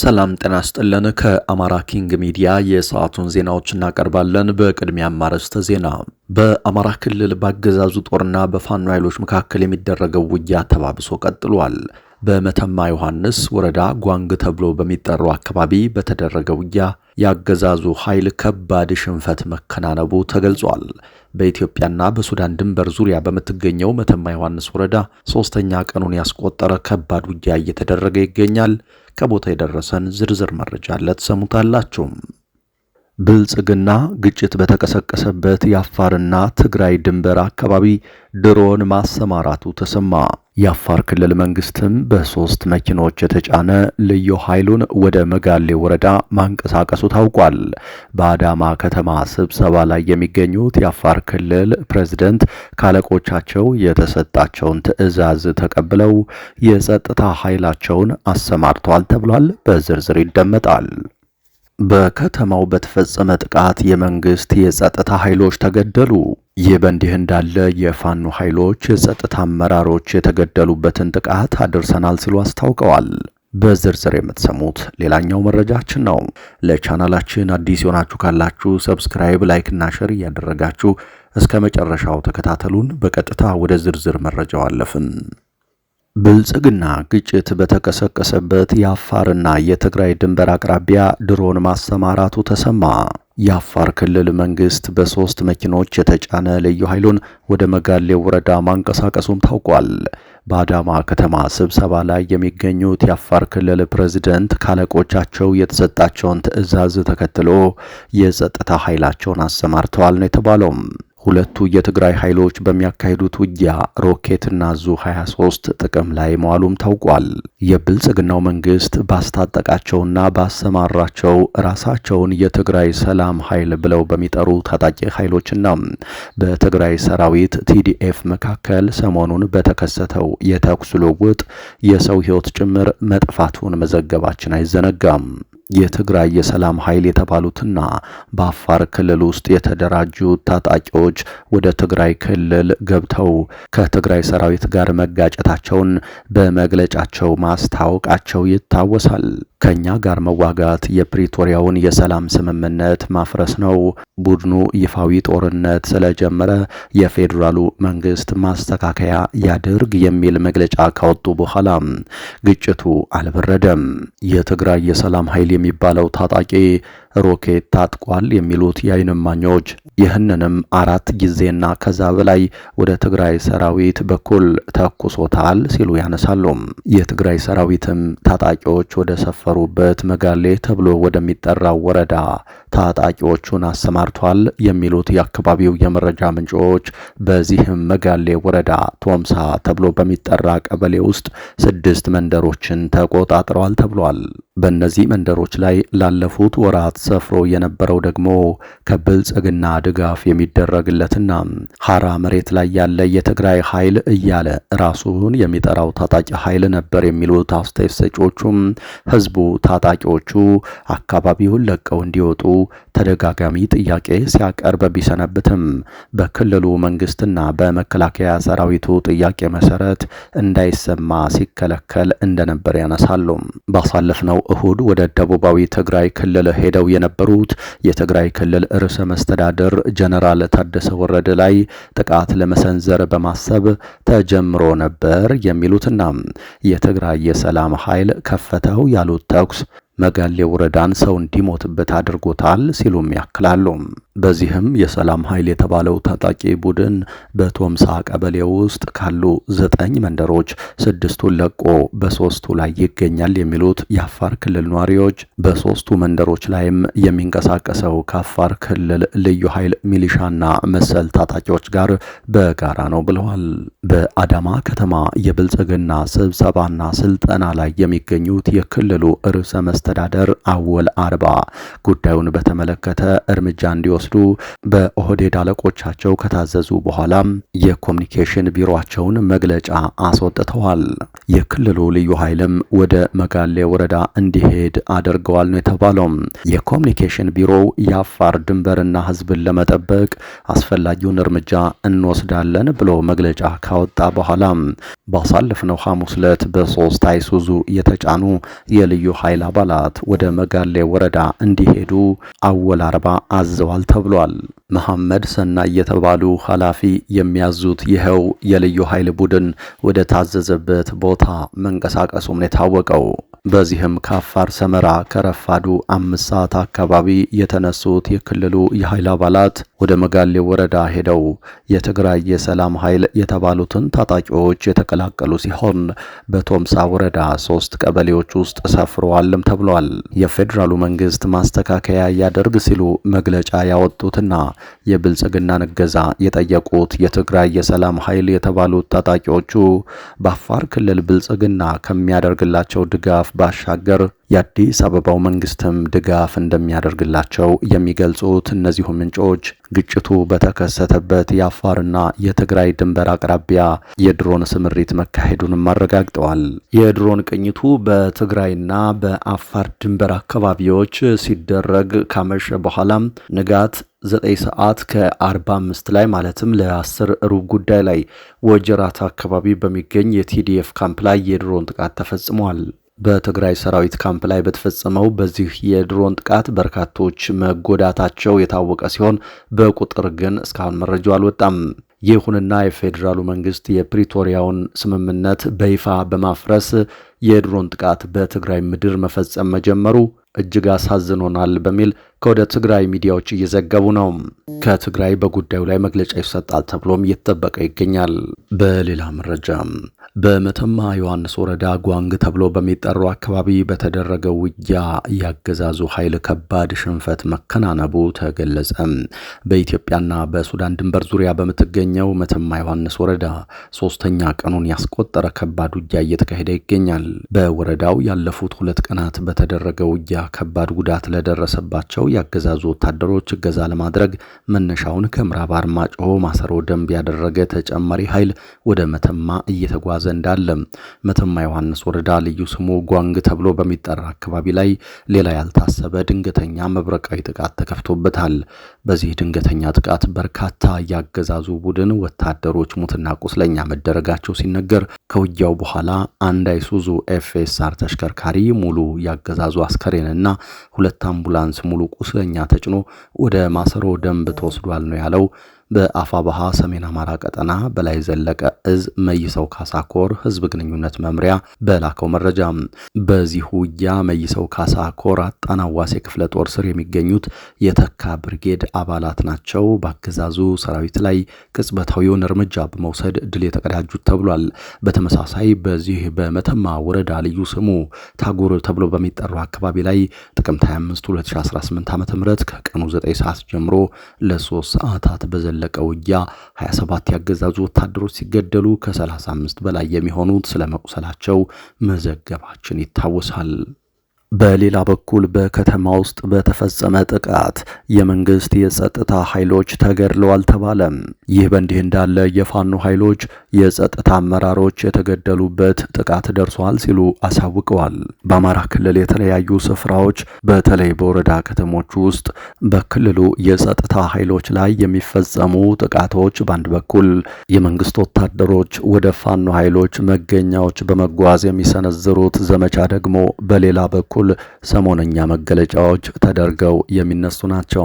ሰላም ጤና ስጥልን። ከአማራ ኪንግ ሚዲያ የሰዓቱን ዜናዎች እናቀርባለን። በቅድሚያ አርዕስተ ዜና። በአማራ ክልል በአገዛዙ ጦርና በፋኖ ኃይሎች መካከል የሚደረገው ውጊያ ተባብሶ ቀጥሏል። በመተማ ዮሐንስ ወረዳ ጓንግ ተብሎ በሚጠራው አካባቢ በተደረገ ውጊያ የአገዛዙ ኃይል ከባድ ሽንፈት መከናነቡ ተገልጿል። በኢትዮጵያና በሱዳን ድንበር ዙሪያ በምትገኘው መተማ ዮሐንስ ወረዳ ሶስተኛ ቀኑን ያስቆጠረ ከባድ ውጊያ እየተደረገ ይገኛል። ከቦታ የደረሰን ዝርዝር መረጃ አለ፣ ብልጽግና ግጭት በተቀሰቀሰበት የአፋርና ትግራይ ድንበር አካባቢ ድሮን ማሰማራቱ ተሰማ። የአፋር ክልል መንግስትም በሶስት መኪኖች የተጫነ ልዩ ኃይሉን ወደ መጋሌ ወረዳ ማንቀሳቀሱ ታውቋል። በአዳማ ከተማ ስብሰባ ላይ የሚገኙት የአፋር ክልል ፕሬዝደንት ካለቆቻቸው የተሰጣቸውን ትዕዛዝ ተቀብለው የጸጥታ ኃይላቸውን አሰማርተዋል ተብሏል። በዝርዝር ይደመጣል። በከተማው በተፈጸመ ጥቃት የመንግስት የጸጥታ ኃይሎች ተገደሉ። ይህ በእንዲህ እንዳለ የፋኖ ኃይሎች የጸጥታ አመራሮች የተገደሉበትን ጥቃት አድርሰናል ሲሉ አስታውቀዋል። በዝርዝር የምትሰሙት ሌላኛው መረጃችን ነው። ለቻናላችን አዲስ የሆናችሁ ካላችሁ ሰብስክራይብ፣ ላይክ እና ሸር እያደረጋችሁ እስከ መጨረሻው ተከታተሉን። በቀጥታ ወደ ዝርዝር መረጃው አለፍን። ብልጽግና ግጭት በተቀሰቀሰበት የአፋርና የትግራይ ድንበር አቅራቢያ ድሮን ማሰማራቱ ተሰማ። የአፋር ክልል መንግስት በሶስት መኪኖች የተጫነ ልዩ ኃይሉን ወደ መጋሌ ወረዳ ማንቀሳቀሱም ታውቋል። በአዳማ ከተማ ስብሰባ ላይ የሚገኙት የአፋር ክልል ፕሬዝደንት ካለቆቻቸው የተሰጣቸውን ትዕዛዝ ተከትሎ የጸጥታ ኃይላቸውን አሰማርተዋል ነው የተባለውም። ሁለቱ የትግራይ ኃይሎች በሚያካሂዱት ውጊያ ሮኬትና ዙ 23 ጥቅም ላይ መዋሉም ታውቋል። የብልጽግናው መንግስት ባስታጠቃቸውና ባሰማራቸው ራሳቸውን የትግራይ ሰላም ኃይል ብለው በሚጠሩ ታጣቂ ኃይሎችና በትግራይ ሰራዊት ቲዲኤፍ መካከል ሰሞኑን በተከሰተው የተኩስ ልውውጥ የሰው ሕይወት ጭምር መጥፋቱን መዘገባችን አይዘነጋም። የትግራይ የሰላም ኃይል የተባሉትና በአፋር ክልል ውስጥ የተደራጁ ታጣቂዎች ወደ ትግራይ ክልል ገብተው ከትግራይ ሰራዊት ጋር መጋጨታቸውን በመግለጫቸው ማስታወቃቸው ይታወሳል። ከኛ ጋር መዋጋት የፕሪቶሪያውን የሰላም ስምምነት ማፍረስ ነው። ቡድኑ ይፋዊ ጦርነት ስለጀመረ የፌዴራሉ መንግስት ማስተካከያ ያድርግ የሚል መግለጫ ካወጡ በኋላ ግጭቱ አልበረደም። የትግራይ የሰላም ኃይል የሚባለው ታጣቂ ሮኬት ታጥቋል የሚሉት የዓይን እማኞች ይህንንም አራት ጊዜና ከዛ በላይ ወደ ትግራይ ሰራዊት በኩል ተኩሶታል ሲሉ ያነሳሉ። የትግራይ ሰራዊትም ታጣቂዎች ወደ ሰፈሩበት መጋሌ ተብሎ ወደሚጠራው ወረዳ ታጣቂዎቹን አሰማርቷል የሚሉት የአካባቢው የመረጃ ምንጮች በዚህም መጋሌ ወረዳ ቶምሳ ተብሎ በሚጠራ ቀበሌ ውስጥ ስድስት መንደሮችን ተቆጣጥረዋል ተብሏል። በእነዚህ መንደሮች ላይ ላለፉት ወራት ሰፍሮ የነበረው ደግሞ ከብልጽግና ድጋፍ የሚደረግለትና ሐራ መሬት ላይ ያለ የትግራይ ኃይል እያለ ራሱን የሚጠራው ታጣቂ ኃይል ነበር የሚሉት አስተያየት ሰጪዎቹም ህዝቡ ታጣቂዎቹ አካባቢውን ለቀው እንዲወጡ ተደጋጋሚ ጥያቄ ሲያቀርብ ቢሰነብትም በክልሉ መንግስትና በመከላከያ ሰራዊቱ ጥያቄ መሰረት እንዳይሰማ ሲከለከል እንደነበር ያነሳሉ። ባሳለፍነው እሁድ ወደ ደቡባዊ ትግራይ ክልል ሄደው የነበሩት የትግራይ ክልል ርዕሰ መስተዳድር ጀነራል ታደሰ ወረደ ላይ ጥቃት ለመሰንዘር በማሰብ ተጀምሮ ነበር የሚሉትና የትግራይ የሰላም ኃይል ከፈተው ያሉት ተኩስ መጋሌ ወረዳን ሰው እንዲሞትበት አድርጎታል ሲሉም ያክላሉ። በዚህም የሰላም ኃይል የተባለው ታጣቂ ቡድን በቶምሳ ቀበሌ ውስጥ ካሉ ዘጠኝ መንደሮች ስድስቱን ለቆ በሶስቱ ላይ ይገኛል የሚሉት የአፋር ክልል ነዋሪዎች በሶስቱ መንደሮች ላይም የሚንቀሳቀሰው ከአፋር ክልል ልዩ ኃይል ሚሊሻና መሰል ታጣቂዎች ጋር በጋራ ነው ብለዋል። በአዳማ ከተማ የብልጽግና ስብሰባና ስልጠና ላይ የሚገኙት የክልሉ ርዕሰ መስ አስተዳደር አወል አርባ ጉዳዩን በተመለከተ እርምጃ እንዲወስዱ በኦህዴድ አለቆቻቸው ከታዘዙ በኋላም የኮሚኒኬሽን ቢሮቸውን መግለጫ አስወጥተዋል። የክልሉ ልዩ ኃይልም ወደ መጋሌ ወረዳ እንዲሄድ አድርገዋል ነው የተባለው። የኮሚኒኬሽን ቢሮው የአፋር ድንበርና ህዝብን ለመጠበቅ አስፈላጊውን እርምጃ እንወስዳለን ብሎ መግለጫ ካወጣ በኋላ ባሳለፍነው ሐሙስ ዕለት በሶስት አይሱዙ የተጫኑ የልዩ ኃይል አባላት አባላት ወደ መጋሌ ወረዳ እንዲሄዱ አወል አዘዋል ተብሏል። መሐመድ ሰናይ የተባሉ ኃላፊ የሚያዙት ይኸው የልዩ ኃይል ቡድን ወደ ታዘዘበት ቦታ መንቀሳቀሱም የታወቀው። በዚህም ከአፋር ሰመራ ከረፋዱ አምስት ሰዓት አካባቢ የተነሱት የክልሉ የኃይል አባላት ወደ መጋሌ ወረዳ ሄደው የትግራይ የሰላም ኃይል የተባሉትን ታጣቂዎች የተቀላቀሉ ሲሆን በቶምሳ ወረዳ ሶስት ቀበሌዎች ውስጥ ሰፍረዋልም ተብሏል። የፌዴራሉ መንግስት ማስተካከያ ያደርግ ሲሉ መግለጫ ያወጡትና የብልጽግናን እገዛ የጠየቁት የትግራይ የሰላም ኃይል የተባሉት ታጣቂዎቹ በአፋር ክልል ብልጽግና ከሚያደርግላቸው ድጋፍ ባሻገር የአዲስ አበባው መንግስትም ድጋፍ እንደሚያደርግላቸው የሚገልጹት እነዚሁ ምንጮች ግጭቱ በተከሰተበት የአፋርና የትግራይ ድንበር አቅራቢያ የድሮን ስምሪት መካሄዱንም አረጋግጠዋል። የድሮን ቅኝቱ በትግራይና በአፋር ድንበር አካባቢዎች ሲደረግ ካመሸ በኋላም ንጋት 9 ሰዓት ከ45 ላይ ማለትም ለ10 ሩብ ጉዳይ ላይ ወጀራት አካባቢ በሚገኝ የቲዲኤፍ ካምፕ ላይ የድሮን ጥቃት ተፈጽሟል። በትግራይ ሰራዊት ካምፕ ላይ በተፈጸመው በዚህ የድሮን ጥቃት በርካቶች መጎዳታቸው የታወቀ ሲሆን በቁጥር ግን እስካሁን መረጃው አልወጣም። ይሁንና የፌዴራሉ መንግስት የፕሪቶሪያውን ስምምነት በይፋ በማፍረስ የድሮን ጥቃት በትግራይ ምድር መፈጸም መጀመሩ እጅግ አሳዝኖናል በሚል ከወደ ትግራይ ሚዲያዎች እየዘገቡ ነው። ከትግራይ በጉዳዩ ላይ መግለጫ ይሰጣል ተብሎም እየተጠበቀ ይገኛል። በሌላ መረጃ በመተማ ዮሐንስ ወረዳ ጓንግ ተብሎ በሚጠራው አካባቢ በተደረገ ውጊያ ያገዛዙ ኃይል ከባድ ሽንፈት መከናነቡ ተገለጸ። በኢትዮጵያና በሱዳን ድንበር ዙሪያ በምትገኘው መተማ ዮሐንስ ወረዳ ሶስተኛ ቀኑን ያስቆጠረ ከባድ ውጊያ እየተካሄደ ይገኛል። በወረዳው ያለፉት ሁለት ቀናት በተደረገ ውጊያ ከባድ ጉዳት ለደረሰባቸው ያገዛዙ ወታደሮች እገዛ ለማድረግ መነሻውን ከምዕራብ አርማጭሆ ማሰሮ ደንብ ያደረገ ተጨማሪ ኃይል ወደ መተማ እየተጓዘ ዘንድ አለ። መተማ ዮሐንስ ወረዳ ልዩ ስሙ ጓንግ ተብሎ በሚጠራ አካባቢ ላይ ሌላ ያልታሰበ ድንገተኛ መብረቃዊ ጥቃት ተከፍቶበታል። በዚህ ድንገተኛ ጥቃት በርካታ ያገዛዙ ቡድን ወታደሮች ሙትና ቁስለኛ መደረጋቸው ሲነገር ከውጊያው በኋላ አንድ አይሱዙ ኤፍኤስአር ተሽከርካሪ ሙሉ ያገዛዙ አስከሬንና ሁለት አምቡላንስ ሙሉ ቁስለኛ ተጭኖ ወደ ማሰሮ ደንብ ተወስዷል ነው ያለው በአፋባሃ ሰሜን አማራ ቀጠና በላይ ዘለቀ እዝ መይሰው ካሳኮር ህዝብ ግንኙነት መምሪያ በላከው መረጃ በዚህ ውጊያ መይሰው ካሳኮር አጣናዋሴ ክፍለ ጦር ስር የሚገኙት የተካ ብርጌድ አባላት ናቸው በአገዛዙ ሰራዊት ላይ ቅጽበታዊውን እርምጃ በመውሰድ ድል የተቀዳጁት ተብሏል። በተመሳሳይ በዚህ በመተማ ወረዳ ልዩ ስሙ ታጉር ተብሎ በሚጠራው አካባቢ ላይ ጥቅምት 25 2018 ዓ ም ከቀኑ 9 ሰዓት ጀምሮ ለሶስት ሰዓታት በዘለ በዘለቀ ውጊያ 27 ያገዛዙ ወታደሮች ሲገደሉ ከ35 በላይ የሚሆኑት ስለመቁሰላቸው መዘገባችን ይታወሳል። በሌላ በኩል በከተማ ውስጥ በተፈጸመ ጥቃት የመንግስት የጸጥታ ኃይሎች ተገድለዋል ተባለም። ይህ በእንዲህ እንዳለ የፋኖ ኃይሎች የጸጥታ አመራሮች የተገደሉበት ጥቃት ደርሷል ሲሉ አሳውቀዋል። በአማራ ክልል የተለያዩ ስፍራዎች በተለይ በወረዳ ከተሞች ውስጥ በክልሉ የጸጥታ ኃይሎች ላይ የሚፈጸሙ ጥቃቶች በአንድ በኩል የመንግስት ወታደሮች ወደ ፋኖ ኃይሎች መገኛዎች በመጓዝ የሚሰነዝሩት ዘመቻ ደግሞ በሌላ በኩል በኩል ሰሞነኛ መገለጫዎች ተደርገው የሚነሱ ናቸው።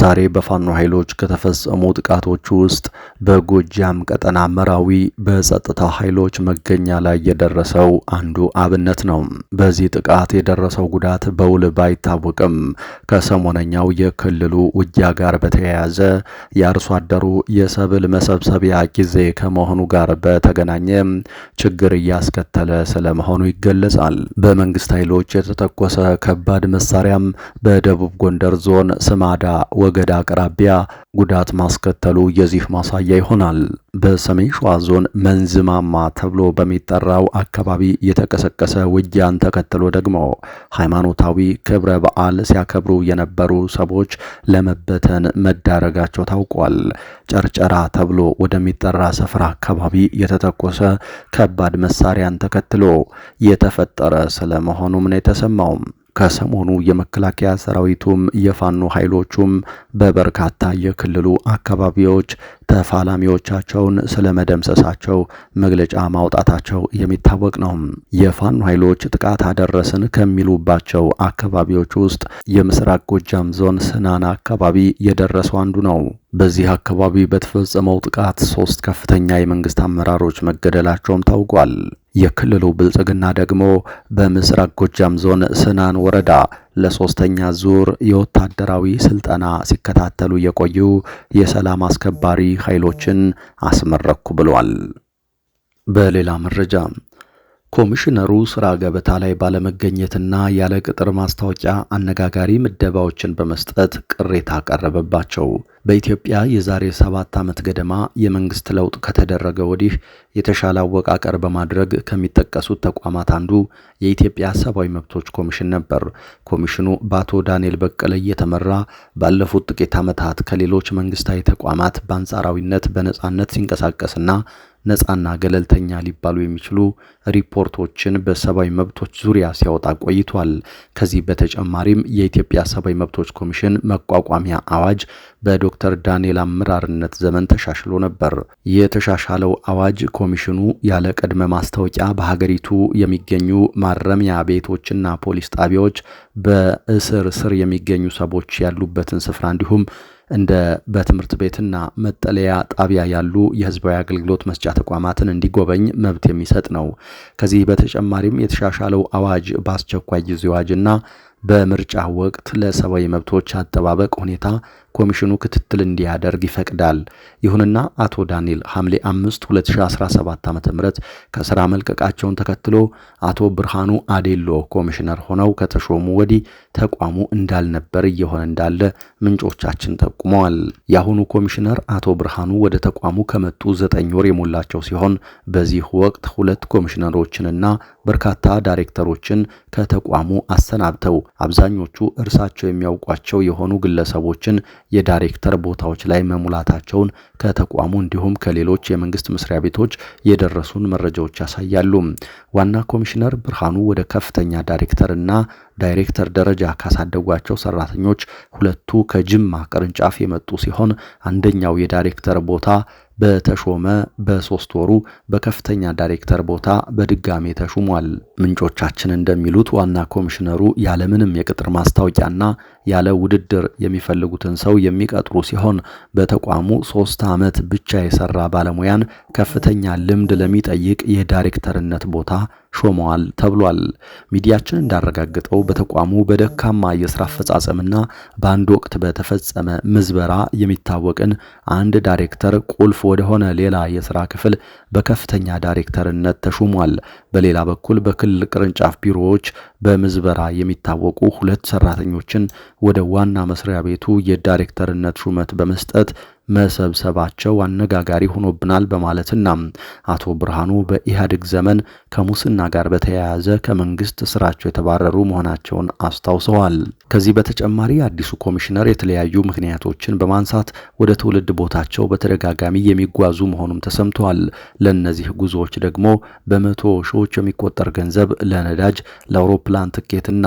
ዛሬ በፋኖ ኃይሎች ከተፈጸሙ ጥቃቶች ውስጥ በጎጃም ቀጠና መራዊ በጸጥታ ኃይሎች መገኛ ላይ የደረሰው አንዱ አብነት ነው። በዚህ ጥቃት የደረሰው ጉዳት በውል ባይታወቅም ከሰሞነኛው የክልሉ ውጊያ ጋር በተያያዘ የአርሶ አደሩ የሰብል መሰብሰቢያ ጊዜ ከመሆኑ ጋር በተገናኘ ችግር እያስከተለ ስለመሆኑ ይገለጻል። በመንግስት ኃይሎች የተተኮሰ ከባድ መሳሪያም በደቡብ ጎንደር ዞን ስማዳ ወገዳ አቅራቢያ ጉዳት ማስከተሉ የዚህ ማሳያ ይሆናል። በሰሜን ሸዋ ዞን መንዝማማ ተብሎ በሚጠራው አካባቢ የተቀሰቀሰ ውጊያን ተከትሎ ደግሞ ሃይማኖታዊ ክብረ በዓል ሲያከብሩ የነበሩ ሰዎች ለመበተን መዳረጋቸው ታውቋል። ጨርጨራ ተብሎ ወደሚጠራ ስፍራ አካባቢ የተተኮሰ ከባድ መሳሪያን ተከትሎ የተፈጠረ ስለመሆኑም ነው የተሰማ ተሰማውም። ከሰሞኑ የመከላከያ ሰራዊቱም የፋኖ ኃይሎቹም በበርካታ የክልሉ አካባቢዎች ተፋላሚዎቻቸውን ስለመደምሰሳቸው መግለጫ ማውጣታቸው የሚታወቅ ነው። የፋኖ ኃይሎች ጥቃት አደረስን ከሚሉባቸው አካባቢዎች ውስጥ የምስራቅ ጎጃም ዞን ስናና አካባቢ የደረሰው አንዱ ነው። በዚህ አካባቢ በተፈጸመው ጥቃት ሶስት ከፍተኛ የመንግስት አመራሮች መገደላቸውም ታውቋል። የክልሉ ብልጽግና ደግሞ በምስራቅ ጎጃም ዞን ስናን ወረዳ ለሶስተኛ ዙር የወታደራዊ ስልጠና ሲከታተሉ የቆዩ የሰላም አስከባሪ ኃይሎችን አስመረኩ ብሏል። በሌላ መረጃ ኮሚሽነሩ ስራ ገበታ ላይ ባለመገኘትና ያለ ቅጥር ማስታወቂያ አነጋጋሪ ምደባዎችን በመስጠት ቅሬታ ቀረበባቸው። በኢትዮጵያ የዛሬ ሰባት ዓመት ገደማ የመንግስት ለውጥ ከተደረገ ወዲህ የተሻለ አወቃቀር በማድረግ ከሚጠቀሱት ተቋማት አንዱ የኢትዮጵያ ሰብአዊ መብቶች ኮሚሽን ነበር። ኮሚሽኑ በአቶ ዳንኤል በቀለ እየተመራ ባለፉት ጥቂት ዓመታት ከሌሎች መንግስታዊ ተቋማት በአንጻራዊነት በነጻነት ሲንቀሳቀስና ነፃና ገለልተኛ ሊባሉ የሚችሉ ሪፖርቶችን በሰብአዊ መብቶች ዙሪያ ሲያወጣ ቆይቷል። ከዚህ በተጨማሪም የኢትዮጵያ ሰብአዊ መብቶች ኮሚሽን መቋቋሚያ አዋጅ በዶክተር ዳንኤል አመራርነት ዘመን ተሻሽሎ ነበር። የተሻሻለው አዋጅ ኮሚሽኑ ያለ ቅድመ ማስታወቂያ በሀገሪቱ የሚገኙ ማረሚያ ቤቶችና ፖሊስ ጣቢያዎች በእስር ስር የሚገኙ ሰዎች ያሉበትን ስፍራ እንዲሁም እንደ በትምህርት ቤትና መጠለያ ጣቢያ ያሉ የህዝባዊ አገልግሎት መስጫ ተቋማትን እንዲጎበኝ መብት የሚሰጥ ነው። ከዚህ በተጨማሪም የተሻሻለው አዋጅ በአስቸኳይ ጊዜ አዋጅና በምርጫ ወቅት ለሰብአዊ መብቶች አጠባበቅ ሁኔታ ኮሚሽኑ ክትትል እንዲያደርግ ይፈቅዳል። ይሁንና አቶ ዳንኤል ሐምሌ 5 2017 ዓ ም ከስራ መልቀቃቸውን ተከትሎ አቶ ብርሃኑ አዴሎ ኮሚሽነር ሆነው ከተሾሙ ወዲህ ተቋሙ እንዳልነበር እየሆነ እንዳለ ምንጮቻችን ጠቁመዋል። የአሁኑ ኮሚሽነር አቶ ብርሃኑ ወደ ተቋሙ ከመጡ ዘጠኝ ወር የሞላቸው ሲሆን በዚህ ወቅት ሁለት ኮሚሽነሮችንና በርካታ ዳይሬክተሮችን ከተቋሙ አሰናብተው አብዛኞቹ እርሳቸው የሚያውቋቸው የሆኑ ግለሰቦችን የዳይሬክተር ቦታዎች ላይ መሙላታቸውን ከተቋሙ እንዲሁም ከሌሎች የመንግስት መስሪያ ቤቶች የደረሱን መረጃዎች ያሳያሉ። ዋና ኮሚሽነር ብርሃኑ ወደ ከፍተኛ ዳይሬክተር እና ዳይሬክተር ደረጃ ካሳደጓቸው ሰራተኞች ሁለቱ ከጅማ ቅርንጫፍ የመጡ ሲሆን አንደኛው የዳይሬክተር ቦታ በተሾመ በሶስት ወሩ በከፍተኛ ዳይሬክተር ቦታ በድጋሜ ተሹሟል። ምንጮቻችን እንደሚሉት ዋና ኮሚሽነሩ ያለምንም የቅጥር ማስታወቂያና ያለ ውድድር የሚፈልጉትን ሰው የሚቀጥሩ ሲሆን በተቋሙ ሶስት ዓመት ብቻ የሰራ ባለሙያን ከፍተኛ ልምድ ለሚጠይቅ የዳይሬክተርነት ቦታ ሾመዋል ተብሏል። ሚዲያችን እንዳረጋገጠው በተቋሙ በደካማ የስራ አፈጻጸምና በአንድ ወቅት በተፈጸመ ምዝበራ የሚታወቅን አንድ ዳይሬክተር ቁልፍ ወደሆነ ሌላ የስራ ክፍል በከፍተኛ ዳይሬክተርነት ተሹሟል። በሌላ በኩል በክልል ቅርንጫፍ ቢሮዎች በምዝበራ የሚታወቁ ሁለት ሰራተኞችን ወደ ዋና መስሪያ ቤቱ የዳይሬክተርነት ሹመት በመስጠት መሰብሰባቸው አነጋጋሪ ሆኖብናል በማለትና አቶ ብርሃኑ በኢህአዴግ ዘመን ከሙስና ጋር በተያያዘ ከመንግስት ስራቸው የተባረሩ መሆናቸውን አስታውሰዋል። ከዚህ በተጨማሪ አዲሱ ኮሚሽነር የተለያዩ ምክንያቶችን በማንሳት ወደ ትውልድ ቦታቸው በተደጋጋሚ የሚጓዙ መሆኑም ተሰምተዋል። ለእነዚህ ጉዞዎች ደግሞ በመቶ ሺዎች የሚቆጠር ገንዘብ ለነዳጅ፣ ለአውሮፕላን ትኬትና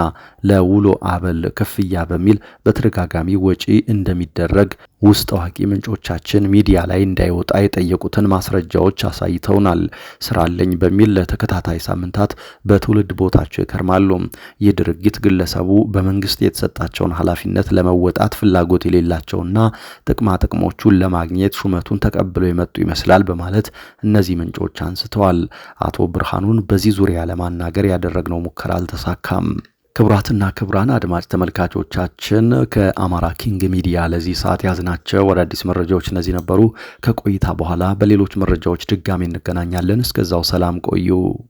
ለውሎ አበል ክፍያ በሚል በተደጋጋሚ ወጪ እንደሚደረግ ውስጥ አዋቂ ምንጮቻችን ሚዲያ ላይ እንዳይወጣ የጠየቁትን ማስረጃዎች አሳይተውናል። ስራ አለኝ በሚል ለተከታታይ ሳምንታት በትውልድ ቦታቸው ይከርማሉ። ይህ ድርጊት ግለሰቡ በመንግስት የተሰጣቸውን ኃላፊነት ለመወጣት ፍላጎት የሌላቸውና ጥቅማ ጥቅሞቹን ለማግኘት ሹመቱን ተቀብለው የመጡ ይመስላል በማለት እነዚህ ምንጮች አንስተዋል። አቶ ብርሃኑን በዚህ ዙሪያ ለማናገር ያደረግነው ሙከራ አልተሳካም። ክቡራትና ክቡራን አድማጭ ተመልካቾቻችን ከአማራ ኪንግ ሚዲያ ለዚህ ሰዓት ያዝናቸው አዲስ መረጃዎች እነዚህ ነበሩ። ከቆይታ በኋላ በሌሎች መረጃዎች ድጋሚ እንገናኛለን። እስከዛው ሰላም ቆዩ።